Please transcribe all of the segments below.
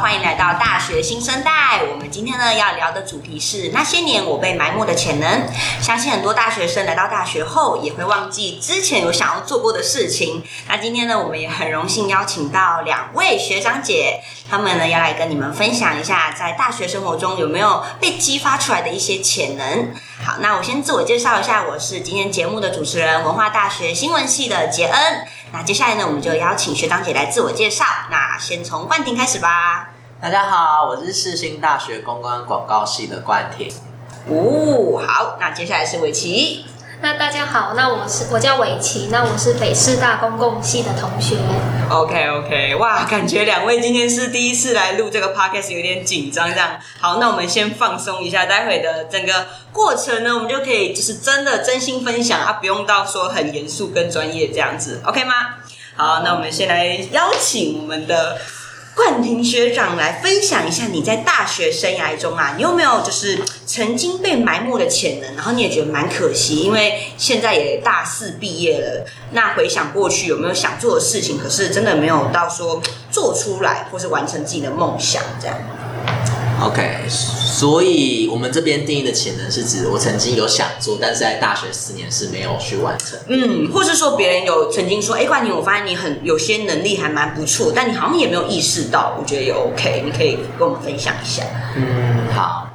歡迎來到大學新生代。我們今天呢要聊的主題是那些年我被埋沒的潛能。相信很多大學生來到大學後，也會忘記之前有想要做過的事情。那今天呢，我們也很榮幸邀請到兩位學長姐，他們呢要來跟你們分享一下，在大學生活中有沒有被激發出來的一些潛能。好，那我先自我介紹一下，我是今天節目的主持人，文化大學新聞系的杰恩。那接下來呢，我們就邀請學長姐來自我介紹。那先從冠廷開始吧。大家好，我是世新大學公關廣告系的冠庭。哦，好，那接下來是韋琪。那大家好，那我是我叫韋琪。那我是北市大公共系的同學。OK OK，哇，感覺兩位今天是第一次來錄這個 podcast，有點緊張，這樣。好，那我們先放鬆一下，待會的整個過程呢，我們就可以就是真的真心分享，啊，不用到說很嚴肅跟專業這樣子，OK 嗎？好，那我們先來邀請我們的。冠廷學長來分享一下，你在大學生涯中啊，你有沒有就是曾經被埋沒的潛能？然後你也覺得蠻可惜，因為現在也大四畢業了。那回想過去，有沒有想做的事情，可是真的沒有到說做出來或是完成自己的夢想，這樣？OK，所以我們這邊定義的潛能是指我曾經有想做，但是在大學四年是沒有去完成。嗯，或是說別人有曾經說，哎，冠寧，我發現你很有些能力還蠻不錯，但你好像也沒有意識到，我覺得也 OK，你可以跟我們分享一下。嗯，好。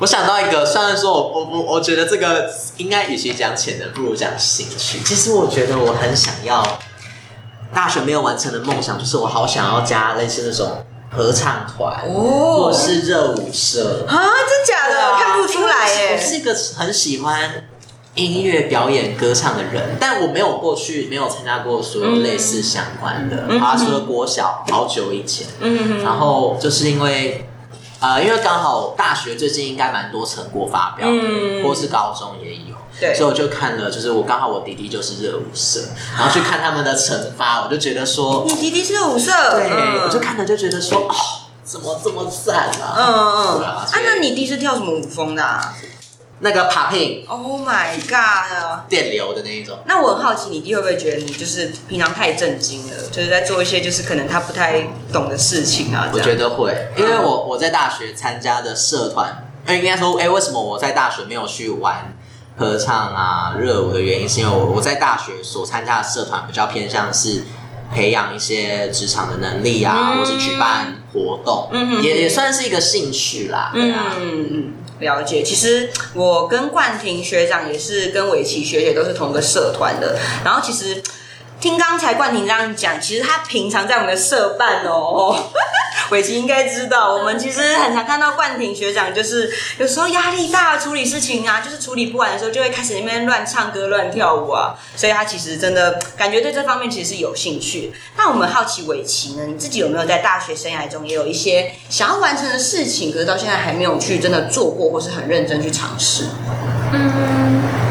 我想到一個，雖然說我我我我覺得這個應該與其講潛能，不如講興趣。其實我覺得我很想要大學沒有完成的夢想，就是我好想要加類似那種。合唱團，oh. 或是熱舞社啊？Huh? 真假的，啊、看不出來耶我。我是一個很喜歡音樂表演、歌唱的人，但我沒有過去沒有參加過所有類似相關的，mm hmm. 啊、除了國小好久以前，嗯、mm，hmm. 然後就是因為，呃、因為剛好大學最近應該蠻多成果發表，嗯、mm，hmm. 或是高中也有。對，所以我就看了，就是我剛好我弟弟就是熱舞社，啊、然後去看他們的懲罰，我就覺得說，你弟弟是舞社，對，嗯、我就看了就覺得說，哦，怎麼這麼讚啊？嗯嗯，啊，那你弟是跳什麼舞風的、啊？那個 popping，Oh my god，電流的那一種。那我很好奇，你弟會不會覺得你就是平常太震驚了，就是在做一些就是可能他不太懂的事情啊？我覺得會，因為我我在大學參加的社團，他、嗯、應該說，哎，為什麼我在大學沒有去玩？合唱啊，熱舞的原因是因為我我在大學所參加的社團比較偏向是培養一些職場的能力啊，嗯、或是舉辦活動，嗯，哼，也也算是一個興趣啦。對啊。嗯嗯，了解。其實我跟冠廷學長也是跟偉奇學姐都是同一個社團的。然後其實聽剛才冠廷這樣講，其實他平常在我們的社辦哦、喔。 偉奇應該知道，我們其實很常看到冠廷學長，就是有時候壓力大，處理事情啊，就是處理不完的時候，就會開始那邊亂唱歌、亂跳舞啊。所以他其實真的感覺對這方面其實是有興趣。那我們好奇偉奇呢，你自己有沒有在大學生涯中也有一些想要完成的事情，可是到現在還沒有去真的做過，或是很認真去嘗試？嗯。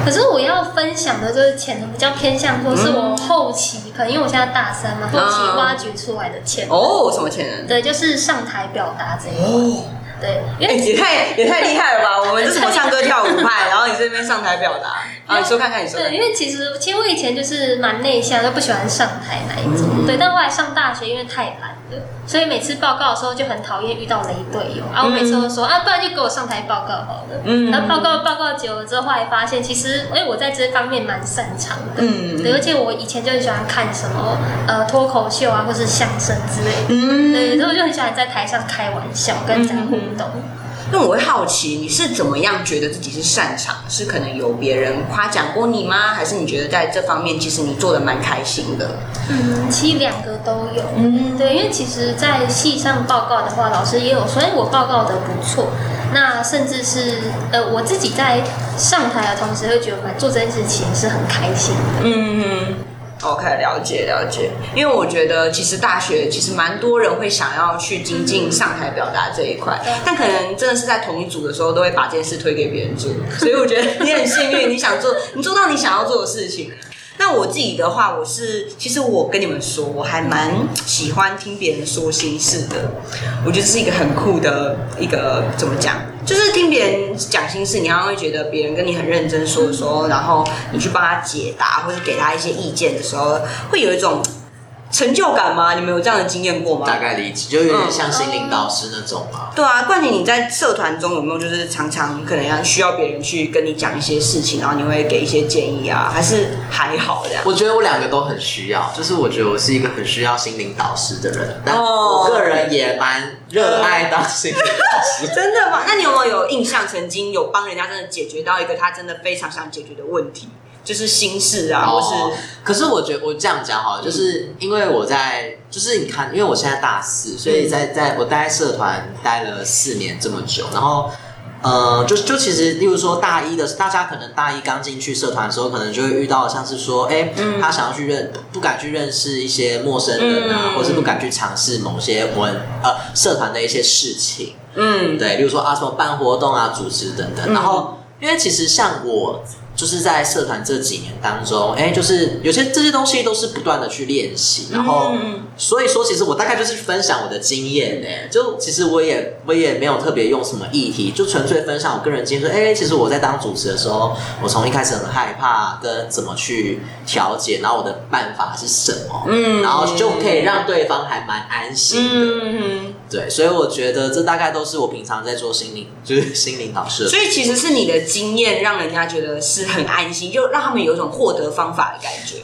可是我要分享的就是潛能比較偏向，或是我後期，嗯、可能因為我現在大三嘛，後期挖掘出來的潛能、嗯、哦，什麼潛能？對，就是上台表達這一類。哦、對，因為、欸，也太也太厲害了吧！ 我們是什麼唱歌跳舞派，然後你這邊上台表達，啊為，你說看看你說。對，因為其實其實我以前就是蠻內向，都不喜歡上台那一種。嗯、對，但後來上大學因為太懶。所以每次報告的時候就很討厭遇到雷隊友啊，我每次都說、嗯、啊，不然就給我上台報告好了。嗯，然後報告報告久了之後，後來發現其實，誒我在這方面蠻擅長的。嗯、嗯，而且我以前就很喜歡看什麼呃脫口秀啊，或是相聲之類的。嗯，對，所以我就很喜歡在台上開玩笑，跟人家互動。嗯嗯嗯那我會好奇，你是怎麼樣覺得自己是擅長？是可能有別人誇獎過你嗎？還是你覺得在這方面其實你做的蠻開心的？嗯，其實兩個都有。嗯，對，因為其實，在系上報告的話，老師也有說我報告的不錯。那甚至是呃，我自己在上台的同時，會覺得我做這件事情是很開心的。嗯哼。OK，了解了解。因為我覺得，其實大學其實蠻多人會想要去精進上台表達這一塊，嗯、哼但可能真的是在同一組的時候，都會把這件事推給別人做。所以我覺得你很幸運， 你想做，你做到你想要做的事情。那我自己的話，我是其實我跟你們說，我還蠻喜歡聽別人說心事的。我覺得這是一個很酷的一個怎麼講？就是聽別人講心事，你好像會覺得別人跟你很認真說的時候，然後你去幫他解答，或者給他一些意見的時候，會有一種。成就感嗎？你們有這樣的經驗過嗎？大概理解，就有點像心靈導師那種嘛、啊。嗯、對啊，冠廷你在社團中有沒有就是常常可能要需要別人去跟你講一些事情，然後你會給一些建議啊？還是還好的？我覺得我兩個都很需要，就是我覺得我是一個很需要心靈導師的人，但我個人也蠻熱愛當心靈導師。嗯、 真的嗎？那你有沒有有印象曾經有幫人家真的解決到一個他真的非常想解決的問題？就是心事啊，或是……可是我覺得我這樣講哈，就是因為我在就是你看，因為我現在大四，所以在在我待在社團待了四年這麼久，然後呃，就就其實，例如說大一的大家可能大一剛進去社團的時候，可能就會遇到像是說，哎、欸，嗯、他想要去認不敢去認識一些陌生人啊，嗯、或是不敢去嘗試某些文呃社團的一些事情，嗯，對，例如說啊什麼辦活動啊、組織等等，然後、嗯、因為其實像我。就是在社團這幾年當中，哎、欸，就是有些這些東西都是不斷的去練習，然後所以說，其實我大概就是分享我的經驗呢、欸。就其實我也我也沒有特別用什麼議題，就純粹分享我個人經驗。說，哎、欸，其實我在當主持的時候，我從一開始很害怕，跟怎麼去調解，然後我的辦法是什麼，嗯，然後就可以讓對方還蠻安心的。嗯嗯對，所以我覺得這大概都是我平常在做心靈，就是心靈導師。所以其實是你的經驗，讓人家覺得是很安心，就讓他們有一種獲得方法的感覺。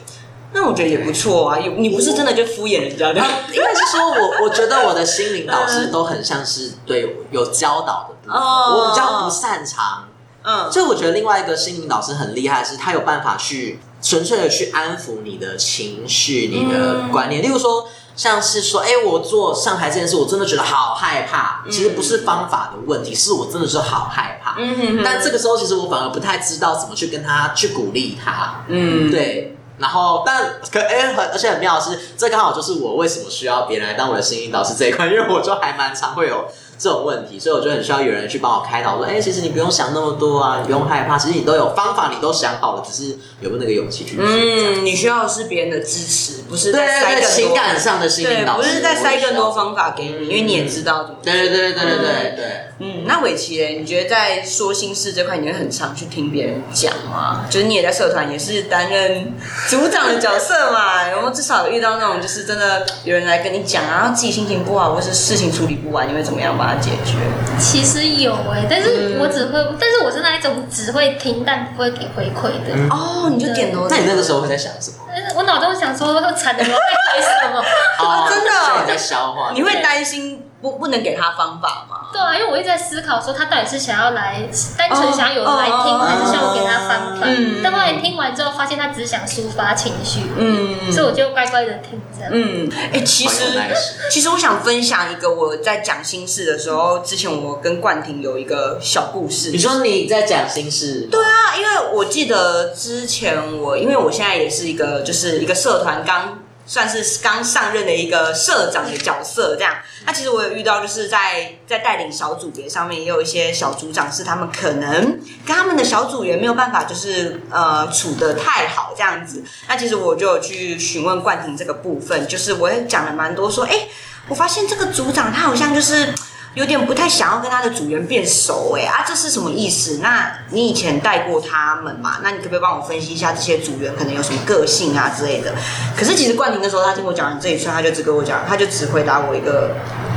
那我覺得也不錯啊，你不是真的就敷衍人家的、啊，因為是說我我覺得我的心靈導師都很像是對我有教導的。哦，我比較不擅長，嗯，所以我覺得另外一個心靈導師很厲害，是他有辦法去純粹的去安撫你的情緒、你的觀念，嗯、例如說。像是說，哎、欸，我做上台這件事，我真的覺得好害怕。其實不是方法的問題，是我真的是好害怕。嗯哼哼。但這個時候，其實我反而不太知道怎麼去跟他去鼓勵他。嗯。對。然後，但可哎、欸，很，而且很妙的是，這剛好就是我為什麼需要別人來當我的聲音導師這一塊，因為我就還蠻常會有，這種問題，所以我覺得很需要有人去幫我開導，說，哎，其實你不用想那麼多啊，你不用害怕，其實你都有方法，你都想好了，只是有沒有那個勇氣去。嗯，你需要的是別人的支持，不是在對對對，情感上的心理導，對，不是在塞更多方法給你，因為你也知道對對、嗯、對對對對對。嗯，那偉奇，你覺得在說心事這塊，你會很常去聽別人講嗎？就是你也在社團，也是擔任組長的角色嘛，然後 至少遇到那種，就是真的有人來跟你講啊，自己心情不好，或者是事情處理不完，你會怎麼樣吧？解決其實有哎、欸，但是我只會，嗯、但是我是那一種只會聽但不會給回饋的哦。嗯的 oh, 你就點頭，那你那個時候會在想什麼？我腦中想說，我慘了，該回什麼？ oh, 真的在消化。 你會擔心不不能給他方法嗎？對啊，因為我一直在思考說，他到底是想要來單純想要有人來聽，oh, oh, 還是想要給他翻看？嗯、但後來聽完之後，發現他只想抒發情緒，嗯，所以我就乖乖的聽着。嗯，哎、欸，其實 其實我想分享一個我在講心事的時候，之前我跟冠廷有一個小故事。你說你在講心事？對啊，因為我記得之前我因為我現在也是一個就是一個社團剛。算是剛上任的一個社長的角色，這樣。那其實我有遇到，就是在在帶領小組別上面，也有一些小組長是他們可能跟他們的小組員沒有辦法，就是呃處得太好這樣子。那其實我就去詢問冠廷這個部分，就是我也講了蠻多說，說、欸、誒我發現這個組長他好像就是。有點不太想要跟他的組員變熟，哎、欸、啊，這是什麼意思？那你以前帶過他們嘛？那你可不可以幫我分析一下這些組員可能有什麼個性啊之類的？可是其實冠寧那時候他聽我講完這一串，他就只跟我講，他就只回答我一個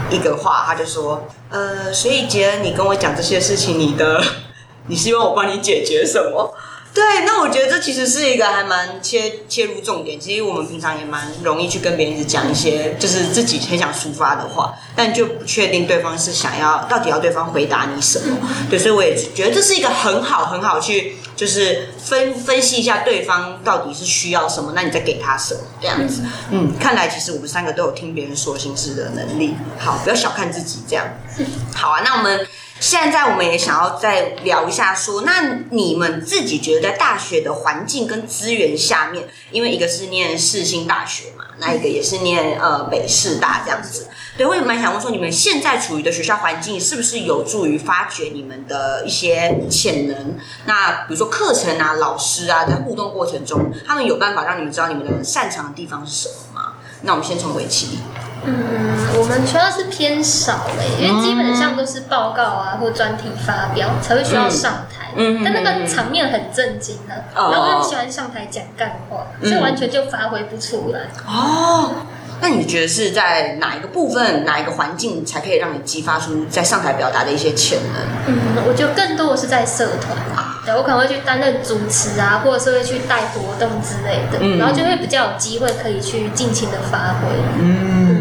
一個話，他就說呃，所以杰恩，你跟我講這些事情，你的你希望我幫你解決什麼？對，那我覺得這其實是一個還蠻切切入重點。其實我們平常也蠻容易去跟別人講一些，就是自己很想抒發的話，但就不確定對方是想要到底要對方回答你什麼。對，所以我也覺得這是一個很好很好去，就是分分析一下對方到底是需要什麼，那你再給他什麼這樣子。嗯，嗯，看來其實我們三個都有聽別人說心事的能力。好，不要小看自己這樣。好啊，那我們。現在我們也想要再聊一下說，說那你們自己覺得在大學的環境跟資源下面，因為一個是念世新大學嘛，那一個也是念呃北師大這樣子，所以我也蠻想問說，你們現在處於的學校環境是不是有助於發掘你們的一些潛能？那比如說課程啊、老師啊，在互動過程中，他們有辦法讓你們知道你們的擅長的地方是什麼嗎？那我們先從尾崎。嗯，我們主要是偏少的、欸，因為基本上都是報告啊或專題發表才會需要上台，嗯、但那個場面很震驚的，哦、然後又喜歡上台講幹話，所以完全就發揮不出來。哦，那你覺得是在哪一個部分、哪一個環境才可以讓你激發出在上台表達的一些潛能？嗯，我覺得更多的是在社團啊，對，我可能會去擔任主持啊，或者是會去帶活動之類的，嗯、然後就會比較有機會可以去盡情的發揮。嗯。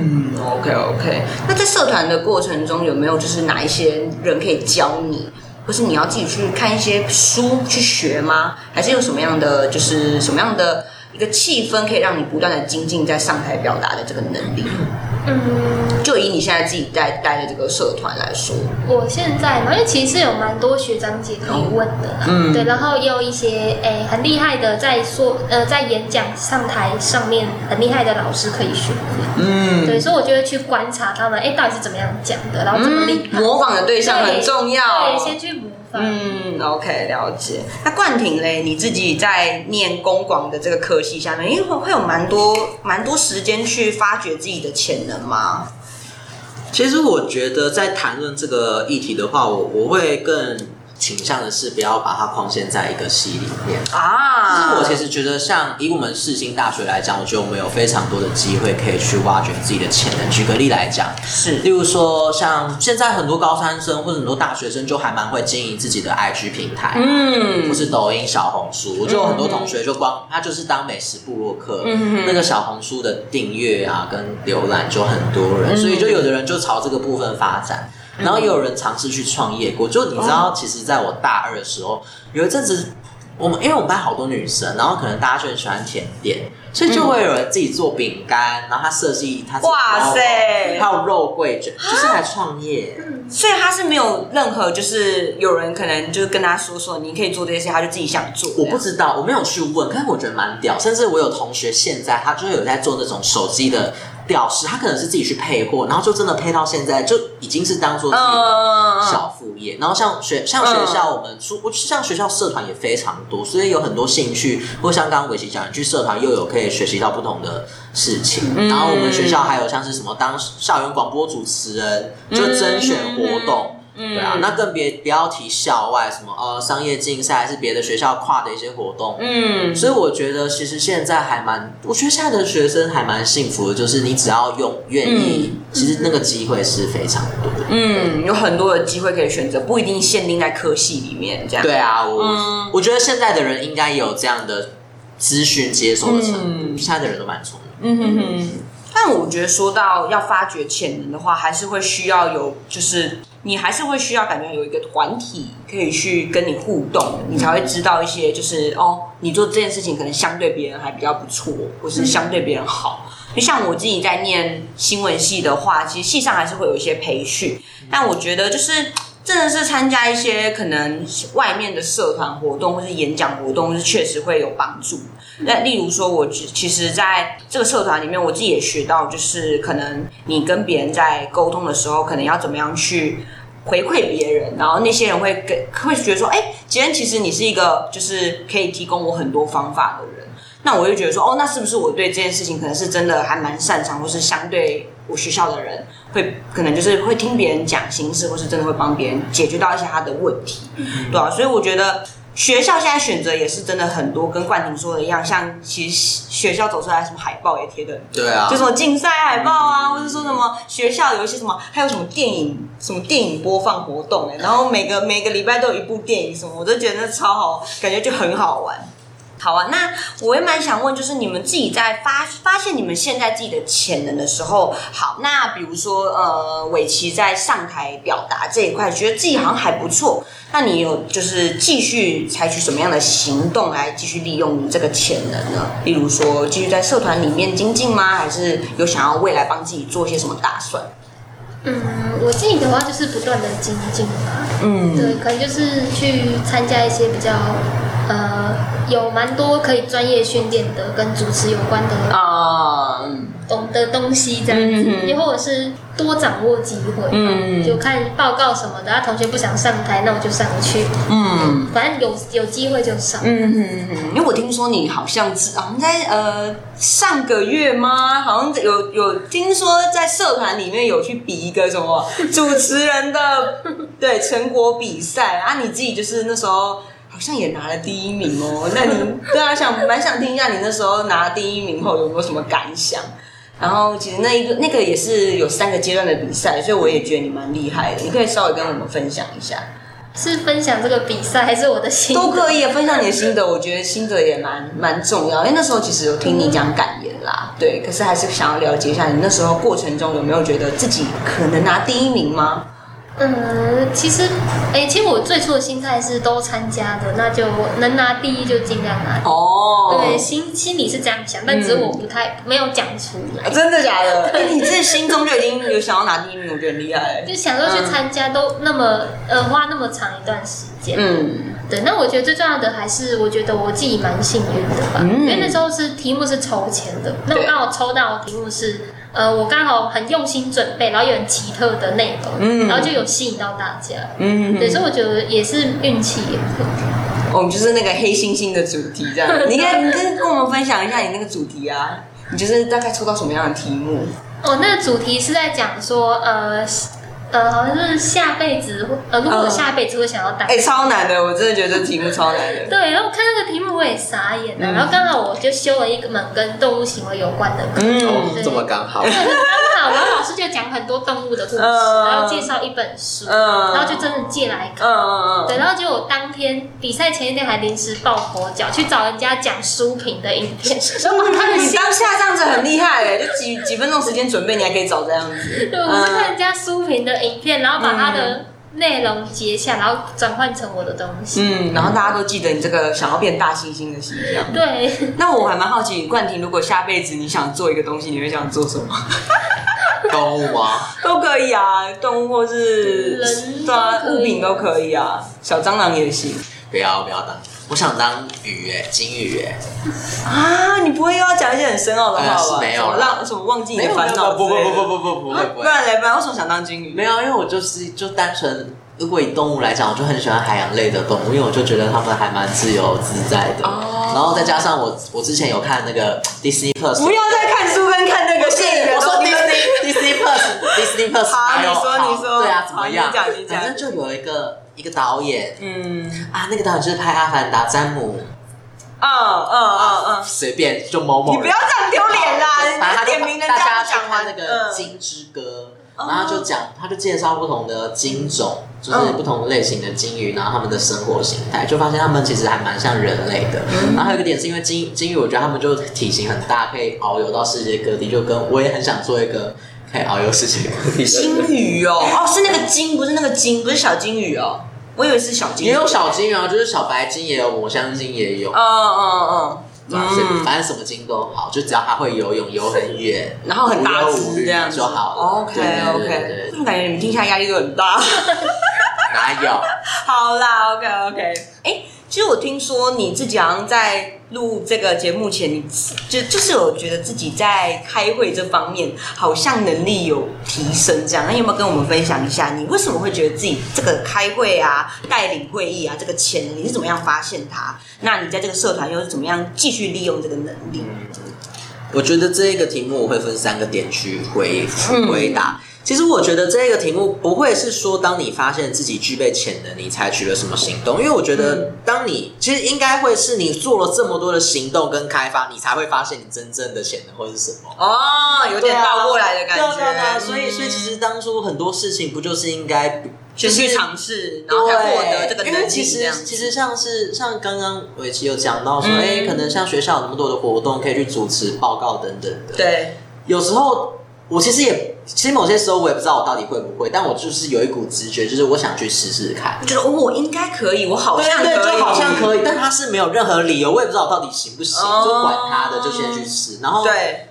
OK，OK。Okay, okay. 那在社團的過程中，有沒有就是哪一些人可以教你，或是你要自己去看一些書去學嗎？還是有什麼樣的就是什麼樣的？一個氣氛可以讓你不斷的精進，在上台表達的這個能力。嗯，就以你現在自己在待的這個社團來說，我現在嘛，因為其實是有蠻多學長姐可以問的，哦、嗯，對，然後也有一些哎、欸、很厲害的在說，呃，在演講上台上面很厲害的老師可以學。嗯，對，所以我就會去觀察他們，哎、欸，到底是怎麼樣講的，然後怎麼、嗯、模仿的對象很重要。對對先去。對嗯，OK，了解。那冠廷嘞，你自己在念公廣的這個科系下面，因為會會有蠻多蠻多時間去發掘自己的潛能嗎？其實我覺得，在談論這個議題的話，我我會更。傾向的是不要把它框限在一個系裡面啊，所以我其實覺得，像以我們世新大學來講，我覺得我們有非常多的機會可以去挖掘自己的潛能。舉個例來講，是，例如說像現在很多高三生或者很多大學生，就還蠻會經營自己的 IG 平台，嗯，或是抖音、小紅書，我就很多同學就光他就是當美食部落客，嗯哼，那個小紅書的訂閱啊跟瀏覽就很多人，所以就有的人就朝這個部分發展。然後也有人嘗試去創業過，就你知道，其實在我大二的時候，哦、有一陣子，我們因為我們班好多女生，然後可能大家就很喜歡甜點，所以就會有人自己做餅乾，然後他設計他哇塞，還有肉桂卷，就是來創業，蛤所以他是沒有任何，就是有人可能就是跟他說說你可以做這些，他就自己想做。我不知道，我沒有去問，可是我覺得蠻屌。甚至我有同學現在他就有在做那種手機的。表示他可能是自己去配貨，然後就真的配到現在就已經是當做自己的小副業。Oh, oh, oh, oh, oh. 然後像學像學校我們出，oh, oh, oh. 像學校社團也非常多，所以有很多興趣。或像剛剛偉奇講，去社團又有可以學習到不同的事情。Mm hmm. 然後我們學校還有像是什麼當校園廣播主持人，就甄選活動。Mm hmm. 嗯。嗯、對啊，那更別不要提校外什麼呃商業競賽還是別的學校跨的一些活動。嗯，所以我覺得其實現在還蠻，我覺得現在的學生還蠻幸福的，就是你只要用願意，嗯、其實那個機會是非常的多。嗯，有很多的機會可以選擇，不一定限定在科系裡面。這樣對啊，我，嗯、我覺得現在的人應該有這樣的資訊接受的程度，嗯、現在的人都蠻聰明。嗯哼哼，但我覺得說到要發掘潛能的話，還是會需要有就是。你還是會需要感覺有一個團體可以去跟你互動，你才會知道一些，就是哦，你做這件事情可能相對別人還比較不錯，或是相對別人好。就像我自己在念新聞系的話，其實系上還是會有一些培訓，但我覺得就是真的是參加一些可能外面的社團活動或是演講活動，是確實會有幫助。那例如說，我其實在這個社團裡面，我自己也學到，就是可能你跟別人在溝通的時候，可能要怎麼樣去回饋別人，然後那些人會給，會覺得說，哎、欸，既然其實你是一個就是可以提供我很多方法的人。那我就覺得說，哦，那是不是我對這件事情可能是真的還蠻擅長，或是相對我學校的人，會可能就是會聽別人講心事，或是真的會幫別人解決到一些他的問題，嗯嗯對吧、啊？所以我覺得。學校現在選擇也是真的很多，跟冠廷說的一樣，像其實學校走出來什麼海報也貼的，對啊，就什麼競賽海報啊，或者說什麼學校有一些什麼，還有什麼電影什麼電影播放活動哎、欸，然後每個每個禮拜都有一部電影什麼，我都覺得那超好，感覺就很好玩。好啊，那我也蠻想問，就是你們自己在發發現你們現在自己的潛能的時候，好，那比如說呃，偉奇在上台表達這一塊，覺得自己好像還不錯，嗯、那你有就是繼續採取什麼樣的行動來繼續利用這個潛能呢？例如說，繼續在社團裡面精進嗎？還是有想要未來幫自己做些什麼打算？嗯，我自己的話就是不斷的精進嘛，嗯，對，可能就是去參加一些比較。呃，有蠻多可以專業訓練的，跟主持有關的啊，uh, 懂得東西這樣子，也、mm hmm. 或者是多掌握機會，mm hmm. 就看報告什麼的。啊，同學不想上台，那我就上去。嗯、mm，hmm. 反正有有機會就上。嗯嗯、mm hmm. 因為我聽說你好像是、啊、你在呃上個月嗎？好像有有聽說在社團裡面有去比一個什麼主持人的 對成果比賽啊，你自己就是那時候。好像也拿了第一名哦，那你對啊，想蠻 想聽一下你那時候拿第一名後有沒有什麼感想？然後其實那一個那個也是有三個階段的比賽，所以我也覺得你蠻厲害的。你可以稍微跟我們分享一下，是分享這個比賽還是我的心得？都可以，分享你的心得，我覺得心得也蠻蠻重要。因為那時候其實有聽你講感言啦，對，可是還是想要了解一下你那時候過程中有沒有覺得自己可能拿第一名嗎？嗯，其實，哎，其實我最初的心態是都參加的，那就能拿第一就盡量拿第一。哦，對，心心裡是這樣想，但只是我不太、嗯、沒有講出來。啊、真的假的？對你是心中就已經有想要拿第一名，我覺得很厲害、欸。就想說去參加，嗯、都那麼呃花那麼長一段時間。嗯。對，那我覺得最重要的還是，我覺得我自己蠻幸運的吧，嗯、因為那時候是題目是抽籤的，對那我剛好抽到的題目是，呃，我剛好很用心準備，然後有很奇特的內、那、容、個，嗯、然後就有吸引到大家，嗯，對，嗯嗯、所以我覺得也是運氣也特我哦，就是那個黑猩猩的主題這樣， 你可以跟跟我們分享一下你那個主題啊？你就是大概抽到什麼樣的題目？哦，那個主題是在講說，呃。呃，好像是下輩子，呃，如果下輩子會想要打。哎，超難的，我真的覺得這題目超難的。對，然後我看那個題目我也傻眼了。然後剛好我就修了一門跟動物行為有關的課，嗯，這麼剛好，剛好，然後老師就講很多動物的故事，然後介紹一本書，然後就真的借來看，嗯嗯嗯，對，然後就我當天比賽前一天還臨時抱佛腳去找人家講書評的影片，我看你當下這樣子很厲害哎，就幾幾分鐘時間準備，你還可以找這樣子，對，我是看人家書評的。影片，然後把它的內容截下，嗯、然後轉換成我的東西。嗯，然後大家都記得你這個想要變大猩猩的形象。對，那我還蠻好奇，冠廷，如果下輩子你想做一個東西，你會想做什麼？動 物都、啊、都可以啊，動物或是人對、啊，物品都可以啊，小蟑螂也行。不要，不要打。我想當魚誒，金魚誒！啊，你不會又要講一些很深奧的？沒有了，什麼忘記？沒煩惱？不不不不不不不，不會。不然，不然，為什麼想當金魚？沒有，因為我就是就單純，如果以動物來講，我就很喜歡海洋類的動物，因為我就覺得它們還蠻自由自在的。然後再加上我，之前有看那個 Disney Plus，不要再看書跟看那個電我說 Disney p l s d 好，你說你說，對啊，怎麼樣？反正就有一個。一個導演，嗯啊，那個導演就是拍《阿凡達》詹姆，嗯嗯嗯嗯，隨便就某某，你不要這樣丟臉啦！把他點名大家講他那個《鯨之歌》，然後就講他就介紹不同的鯨種，就是不同類型的鯨魚，然後他們的生活形態，就發現他們其實還蠻像人類的。然後還有一個點是因為鯨鯨魚，我覺得他們就體型很大，可以遨遊到世界各地，就跟我也很想做一個。還遨遊世界，鯨魚哦，哦是那個鯨，不是那個鯨，不是小鯨魚哦，我以為是小鯨，也有小鯨哦、啊，吧就是小白鯨，也有抹香鯨，也有，嗯嗯嗯，反、嗯、正反正什麼鯨都好，就只要它會游泳，游很遠，然後很大只這樣就好了，哦，OK 對對對對對 OK，感覺你們聽下來壓力都很大， 哪有？好啦，OK OK，哎。誒其實我聽說你自己好像在錄這個節目前，你就就是有覺得自己在開會這方面好像能力有提升這樣。那有沒有跟我們分享一下，你為什麼會覺得自己這個開會啊、帶領會議啊這個潛能，你是怎麼樣發現它？那你在這個社團又是怎麼樣繼續利用這個能力？我覺得這一個題目我會分三個點去回回答。嗯其實我覺得這個題目不會是說，當你發現自己具備潛能，你採取了什麼行動？因為我覺得，當你其實應該會是你做了這麼多的行動跟開發，你才會發現你真正的潛能或是什麼。哦，有點倒過來的感覺。對、啊、對、啊、對、啊，所以、嗯、所以其實當初很多事情不就是應該先、就是、去、去嘗試，然後獲得這個能力？其實其實像是像剛剛維琪有講到說，哎、嗯，可能像學校有那麼多的活動可以去主持報告等等的。對，有時候。我其實也，其實某些時候我也不知道我到底會不會，但我就是有一股直覺，就是我想去試試看。我覺得我應該可以，我好像可以對、啊、對，就好像可以，可以但，他是沒有任何理由，我也不知道到底行不行。哦、就管他的，就先去試。然後對，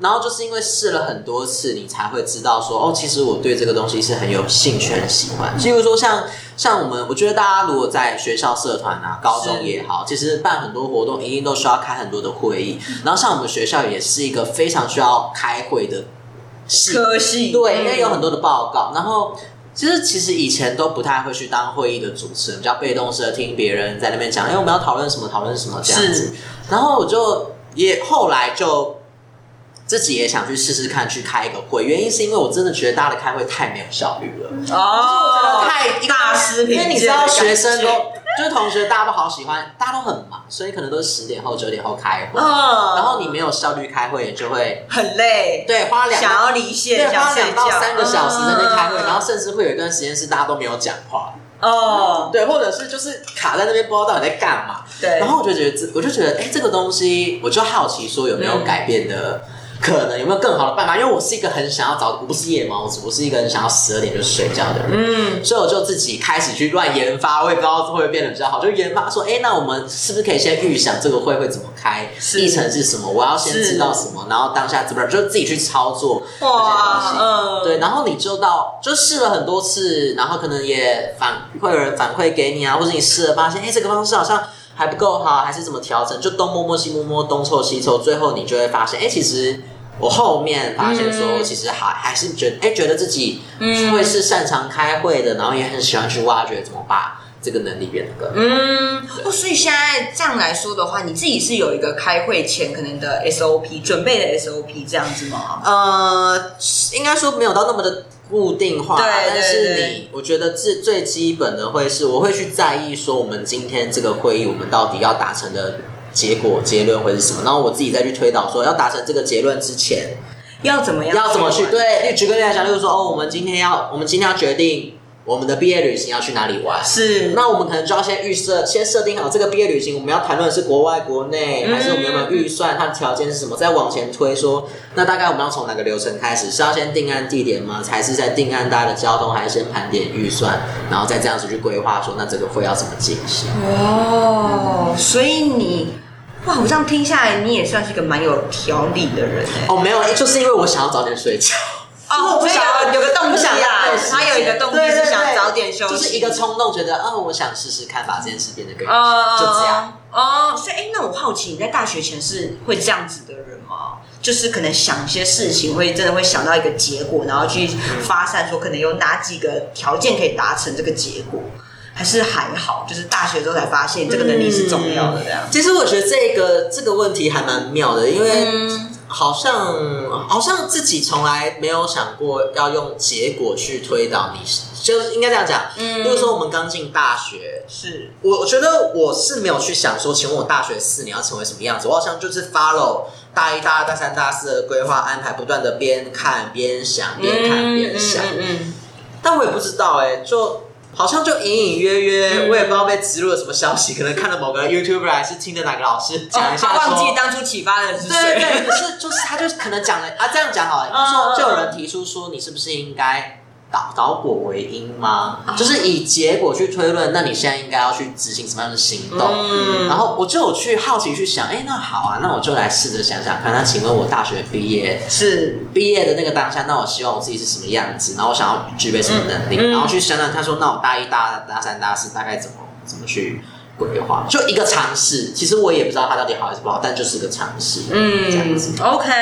然後就是因為試了很多次，你才會知道說，哦，其實我對這個東西是很有興趣，很喜歡。譬、嗯、如說像，像像我們，我覺得大家如果在學校社團啊，高中也好，是其實辦很多活動一定都需要開很多的會議。嗯、然後像我們學校也是一個非常需要開會的。是可惜，對，因為有很多的報告，嗯、然後其實、就是、其實以前都不太會去當會議的主持人，比較被動式的聽別人在那邊講，嗯哎、我們要討論什麼，討論什麼這樣子。是然後我就也後來就自己也想去試試看去開一個會，原因是因為我真的覺得大家的開會太沒有效率了，哦，是我覺得太尬死，因為你知道學生都，就是同學，大家都好喜歡，大家都很忙，所以可能都是十點後、九點後開會。嗯、然後你沒有效率開會，就會很累。對，花兩想要離線，對，花兩到三個小時才在那開會，嗯、然後甚至會有一段時間是大家都沒有講話。哦、嗯，嗯、對，或者是就是卡在那邊，不知道到底在幹嘛。對，然後我就覺得，我就覺得，哎、欸，這個東西我就好奇，說有沒有改變的。嗯可能有沒有更好的辦法？因為我是一個很想要早，我不是夜貓子，我是一個很想要十二點就睡覺的人。嗯，所以我就自己開始去亂研發，我也不知道會不會變得比較好。就研發說，哎、欸，那我們是不是可以先預想這個會會怎麼開，是議程是什麼？我要先知道什麼，是然後當下怎麼，就自己去操作。哇，嗯，這些東西。對，然後你就到，就試了很多次，然後可能也反，會有人反饋給你啊，或者你試了發現，哎、欸，這個方式好像。還不夠好，還是怎麼調整？就東摸摸西摸摸，東湊西湊，最後你就會發現，哎、欸，其實我後面發現說，嗯、其實還還是覺得，哎、欸，覺得自己是會是擅長開會的，嗯、然後也很喜歡去挖掘怎麼把這個能力變得更好，嗯。哦對，所以現在這樣來說的話，你自己是有一個開會前可能的 SOP 準備的 SOP 這樣子嗎？呃，應該說沒有到那麼的。固定化，但是你，我覺得最最基本的會是，我會去在意說，我們今天這個會議，我們到底要達成的結果、結論會是什麼？然後我自己再去推導，說要達成這個結論之前，要怎麼樣，要怎麼去？對，對，對，舉個例子來講，就是說，哦，我們今天要，我們今天要決定。我們的畢業旅行要去哪裡玩？是，那我們可能就要先預設，先設定好這個畢業旅行，我們要談論是國外、國內，還是我們有沒有預算，嗯，它的條件是什麼？再往前推說，那大概我們要從哪個流程開始？是要先定案地點嗎？還是在定案大家的交通，還是先盤點預算，然後再這樣子去規劃說，那這個會要怎麼進行？哦，所以你哇，好像聽下來，你也算是一個蠻有條理的人哦。沒有，就是因為我想要早點睡覺。哦，我不想有個動機啊，啊他有一個動機是想早點休息。對對對，就是一個衝動，覺得哦、呃，我想試試看，把這件事變得更好，uh, 就這樣。哦，uh, uh, 所以哎、欸，那我好奇，你在大學前是會這樣子的人嗎？嗯、就是可能想一些事情會，會真的會想到一個結果，然後去發散，說可能有哪幾個條件可以達成這個結果，還是還好？就是大學之後才發現這個能力是重要的。這樣、嗯嗯，其實我覺得這個這個問題還蠻妙的，因為。嗯好像、嗯、好像自己從來沒有想過要用結果去推導你，你就是、應該這樣講。那個時候我們剛進大學，是我我覺得我是沒有去想說，請問我大學四年要成為什麼樣子？我好像就是 follow 大一、大二、大三、大四的規劃安排，不斷的邊看邊想，想，邊看邊想，嗯。但我也不知道哎、欸，就。好像就隱隱約約，對我也不知道被植入了什麼消息，對可能看了某個 YouTuber 還是聽的哪個老師講一下，哦、他忘記當初啟發的人是誰？對，對對， 可是就是他，就是可能講了啊，這樣講好，嗯、說就有人提出說，你是不是應該。倒倒果為因嗎？啊、就是以結果去推論，那你現在應該要去執行什麼樣的行動？嗯，然後我就有去好奇去想，哎、欸，那好啊，那我就來試着想想看。那請問我大學畢業是畢業的那個當下，那我希望我自己是什麼樣子？然後我想要具備什麼能力？嗯嗯、然後去想想看說，那我大一大二大三大四大概怎麼怎麼去規劃？就一個嘗試，其實我也不知道他到底好還是不好，但就是個嘗試。嗯，這樣子嗯，OK，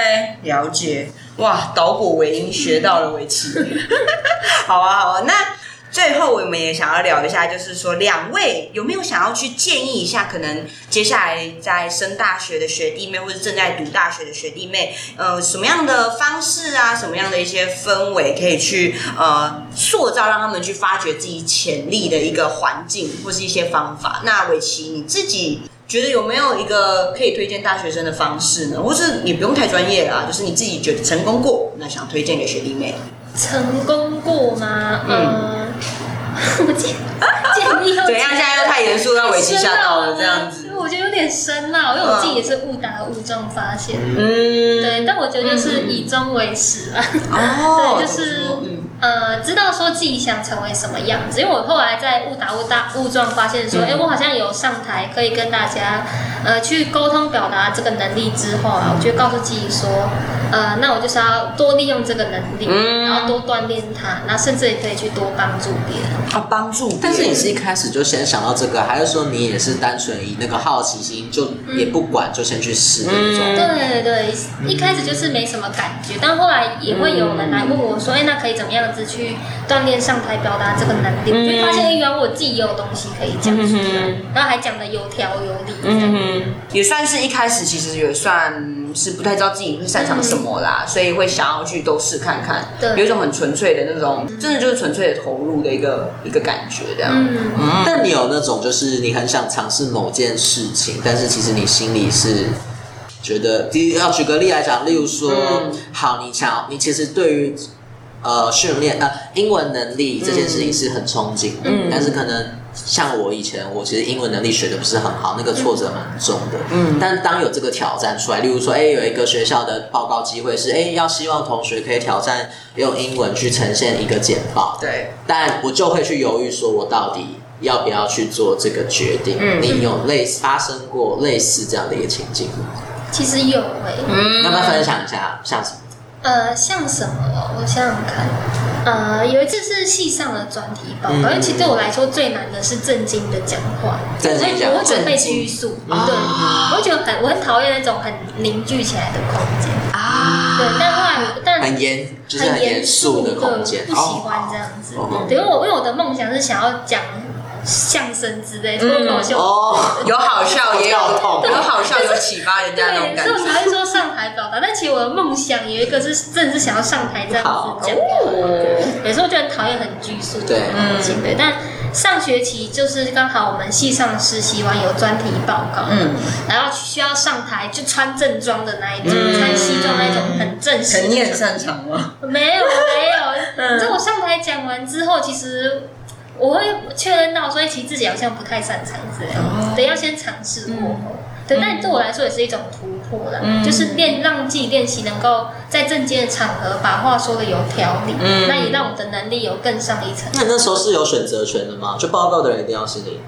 了解。哇，倒果為因，學到了韋奇。 好啊，好啊。那最後，我們也想要聊一下，就是說，兩位有沒有想要去建議一下，可能接下來在升大學的學弟妹，或者正在讀大學的學弟妹，呃，什麼樣的方式啊，什麼樣的一些氛圍可以去呃塑造，讓他們去發掘自己潛力的一個環境，或是一些方法？那韋奇，你自己。覺得有沒有一個可以推薦大學生的方式呢？或是你不用太專業啦、啊，就是你自己覺得成功過，那想推薦給學弟妹。成功過嗎？呃、嗯，我建建議怎麼樣？現在又太嚴肅，讓維基嚇到了，了這樣子。所以我覺得有點深奧、啊，因為我自己也是誤打誤撞發現的。嗯，對，但我覺得就是以終為始啊。哦， 對，就是、嗯呃，知道說自己想成為什麼樣子，因為我後來在誤打誤打誤撞發現說，哎、嗯，我好像有上台可以跟大家呃去溝通表達這個能力之後啊，我就告訴自己說，呃，那我就是要多利用這個能力，嗯、然後多鍛鍊它，那甚至也可以去多幫助別人，他幫助別。但是你是一開始就先想到這個，還是說你也是單純以那個好奇心就也不管、嗯、就先去試？嗯、對、對對，一開始就是沒什麼感覺，嗯、但後來也會有人來問我說，哎，那可以怎麼樣？去鍛鍊上台表達這個能力，我、嗯、就發現原來我自己也有東西可以講出來，然後還講得有條有理。嗯樣也算是一開始，其實也算是不太知道自己會擅長什麼啦，嗯、所以會想要去都試看看。對，有一種很純粹的那種，對真的就是純粹的投入的一個、嗯、一個感覺，這樣。嗯，嗯但你有那種，就是你很想嘗試某件事情，但是其實你心裡是覺得，要舉個例來講，例如說，嗯、好，你想，你其實對於。呃，訓練呃，英文能力這件事情是很憧憬的，嗯嗯、但是可能像我以前，我其實英文能力學得不是很好，那個挫折蠻重的。嗯，嗯但當有這個挑戰出來，例如說，哎，有一個學校的報告機會是，哎，要希望同學可以挑戰用英文去呈現一個簡報。對，但我就會去猶豫，說我到底要不要去做這個決定？嗯，你有類似發生過類似這樣的一個情境嗎？其實有哎、欸，要不要分享一下？像什麼？呃，像什麼？我想想看。呃，有一次是系上的專題報告，而且、嗯、對我來說最難的是正經的講話，所以我，我會覺得被拘束。對，我會覺得很，我很討厭那種很凝聚起來的空間。啊。對，但後來但很嚴，就是、很嚴肅的、的空間，不喜歡這樣子。對，因為我因為我的夢想是想要講。相聲之類，嗯，哦，有好笑也有痛，有好笑有啟發人家那感覺。所以我常常會說上台表達，但其實我的夢想有一個是，真的是想要上台這樣子講。有時候覺得討厭很拘束，對，嗯，對。但上學期就是剛好我們系上實習完有專題報告，嗯，然後需要上台，就穿正裝的那一種，穿西裝那一種很正式。你很擅長嗎？沒有沒有，反正我上台講完之後，其實。我會確認到，所以其實自己好像不太擅長這樣，得要先嘗試過。對，但對我來說也是一種突破了，就是練讓自己練習能夠在正經的場合把話說得有條理，那也讓我的能力有更上一層。那那時候是有選擇權的嗎？就報告的人一定要是你？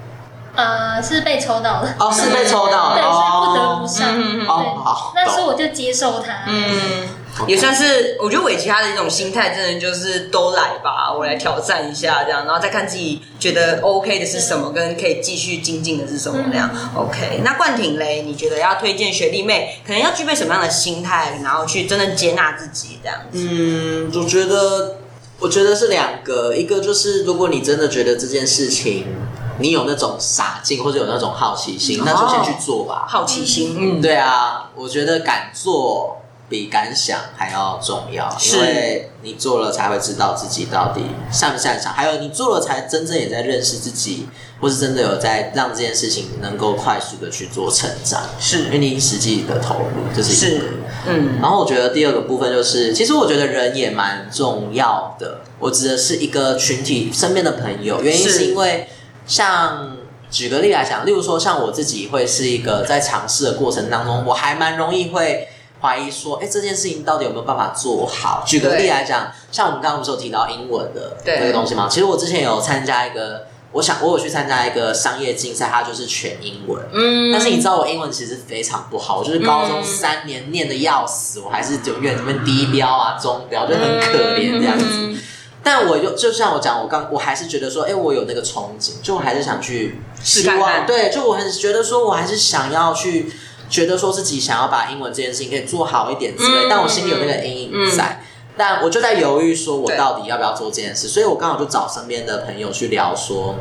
呃，是被抽到了。哦，是被抽到了，對，所以不得不上。好，那時候我就接受他。嗯。Okay. 也算是，我覺得我其他的一種心態，真的就是都來吧，我來挑戰一下這樣，然後再看自己覺得 OK 的是什麼，跟可以繼續精進的是什麼那樣，嗯、OK。那冠廷嘞，你覺得要推薦學弟妹，可能要具備什麼樣的心態，然後去真正接納自己這樣子？嗯，我覺得，我覺得是兩個，一個就是如果你真的覺得這件事情，你有那種傻勁或者有那種好奇心，哦、那就先去做吧。好奇心，嗯，嗯對啊，我覺得敢做。比敢想還要重要，是因為你做了才會知道自己到底擅不擅長，還有你做了才真正也在認識自己，或是真的有在讓這件事情能夠快速的去做成長，是，因為你實際的投入，這，就是一個是，嗯。然後我覺得第二個部分就是，其實我覺得人也蠻重要的，我指的是一個群體身邊的朋友，原因是因為是像舉個例來講，例如說像我自己會是一個在嘗試的過程當中，我還蠻容易會。懷疑說，哎，這件事情到底有沒有辦法做好？舉個例來講，像我們剛剛不是有提到英文的那個東西嗎？其實我之前有參加一個，我想我有去參加一個商業競賽，它就是全英文。嗯，但是你知道我英文其實非常不好，我就是高中三年念的要死，我還是永遠只能低標啊、中標，就很可憐這樣子。但我就就像我講，我剛我還是覺得說，哎，我有那個憧憬，就我還是想去希望對，就我很覺得說我還是想要去。覺得說自己想要把英文這件事情可以做好一點之類，嗯、但我心裡有那個陰影在，嗯、但我就在猶豫，說我到底要不要做這件事。對所以我剛好就找身邊的朋友去聊說，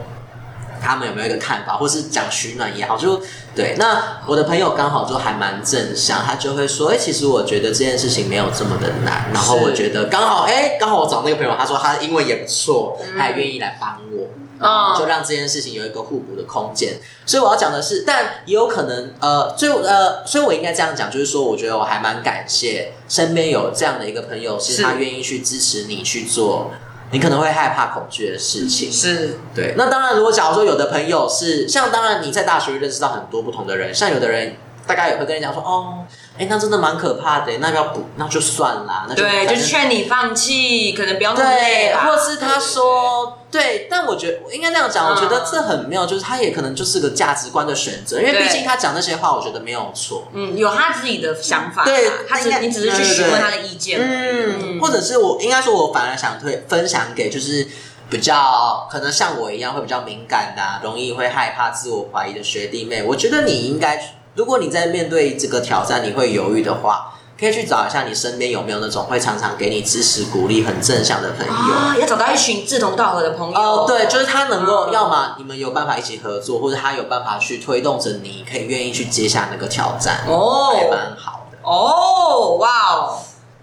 他們有沒有一個看法，或是講取暖也好，就對。那我的朋友剛好就還蠻正向，他就會說：“欸、其實我覺得這件事情沒有這麼的難。是”然後我覺得剛好，哎、欸，剛好我找那個朋友，他說他英文也不錯，他也、嗯、願意來幫我，嗯哦、就讓這件事情有一個互補的空間。所以我要講的是，但也有可能，呃，所以呃，所以我應該這樣講，就是說，我覺得我還蠻感謝身邊有這樣的一個朋友，是他願意去支持你去做。你可能會害怕恐懼的事情是對。那當然，如果假如說有的朋友是像，當然你在大學認識到很多不同的人，像有的人。大概也會跟你講說哦，哎、欸，那真的蠻可怕的，那不要補，那就算啦。那就算了對，就勸你放棄，可能不要那麼累、啊、對，或是他說對，對，對，對，對，但我覺得我應該那樣講，嗯、我覺得這很妙，就是他也可能就是個價值觀的選擇，因為畢竟他講那些話，我覺得沒有錯。對嗯，有他自己的想法、啊。對，他該是，應你只是去詢問他的意見對對對。嗯，嗯，或者是我應該說，我反而想推分享給就是比較可能像我一樣會比較敏感的、啊，容易會害怕、自我懷疑的學弟妹，我覺得你應該。如果你在面對這個挑戰，你會猶豫的話，可以去找一下你身邊有沒有那種會常常給你支持、鼓勵、很正向的朋友。啊，要找到一群志同道合的朋友。哦，對，就是他能夠，嗯，要麼你們有辦法一起合作，或者他有辦法去推動着，你可以願意去接下那個挑戰。哦，還蠻好的。哦，哇，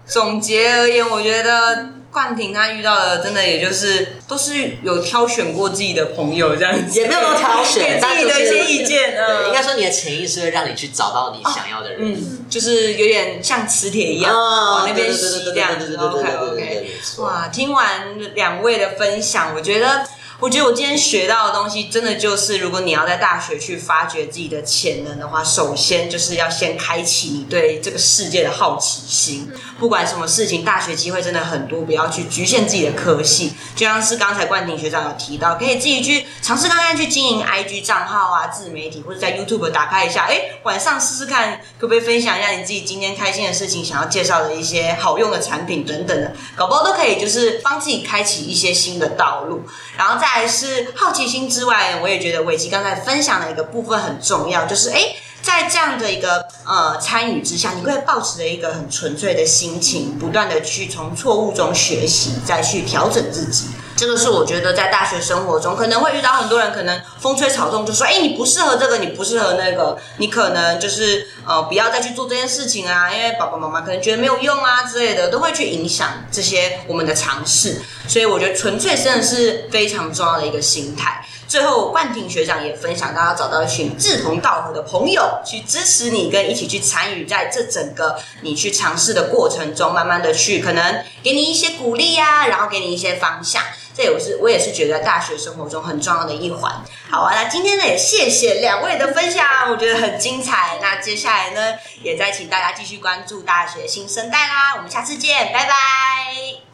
總結而言，我覺得。范婷，她遇到的真的也就是都是有挑選過自己的朋友這樣子，嗯、也沒有挑選對給自己的一些意見，對，應該說你的潛意識會讓你去找到你想要的人。啊、嗯，就是有點像磁鐵一樣往、哦哦、那邊吸這樣子，對對對對對對對，哇，聽完兩位的分享，我覺得。我覺得我今天學到的東西，真的就是，如果你要在大學去發掘自己的潛能的話，首先就是要先開啟你對這個世界的好奇心。不管什麼事情，大學機會真的很多，不要去局限自己的科系。就像是剛才冠廷學長有提到，可以自己去嘗試剛剛去經營 IG 賬號啊，自媒體，或者在 YouTube 打開一下，哎，晚上試試看可不可以分享一下你自己今天開心的事情，想要介紹的一些好用的產品等等的，搞不好都可以，就是幫自己開啟一些新的道路，然後再。但是好奇心之外，我也覺得偉奇剛才分享的一個部分很重要，就是哎，在這樣的一個呃參與之下，你會抱持著一個很純粹的心情，不斷的去從錯誤中學習，再去調整自己。這個是我覺得在大學生活中可能會遇到很多人，可能風吹草動就說，哎，你不適合這個，你不適合那個，你可能就是呃，不要再去做這件事情啊，因為爸爸媽媽可能覺得沒有用啊之類的，都會去影響這些我們的嘗試。所以我覺得純粹真的是非常重要的一個心態。最後，冠廷學長也分享，大家找到一群志同道合的朋友，去支持你，跟一起去參與在這整個你去嘗試的過程中，慢慢的去可能給你一些鼓勵呀、啊，然後給你一些方向，這也是我也是覺得大學生活中很重要的一環。好啊，那今天呢也謝謝兩位的分享，我覺得很精彩。那接下來呢，也再請大家繼續關注大學新生代啦，我們下次見，拜拜。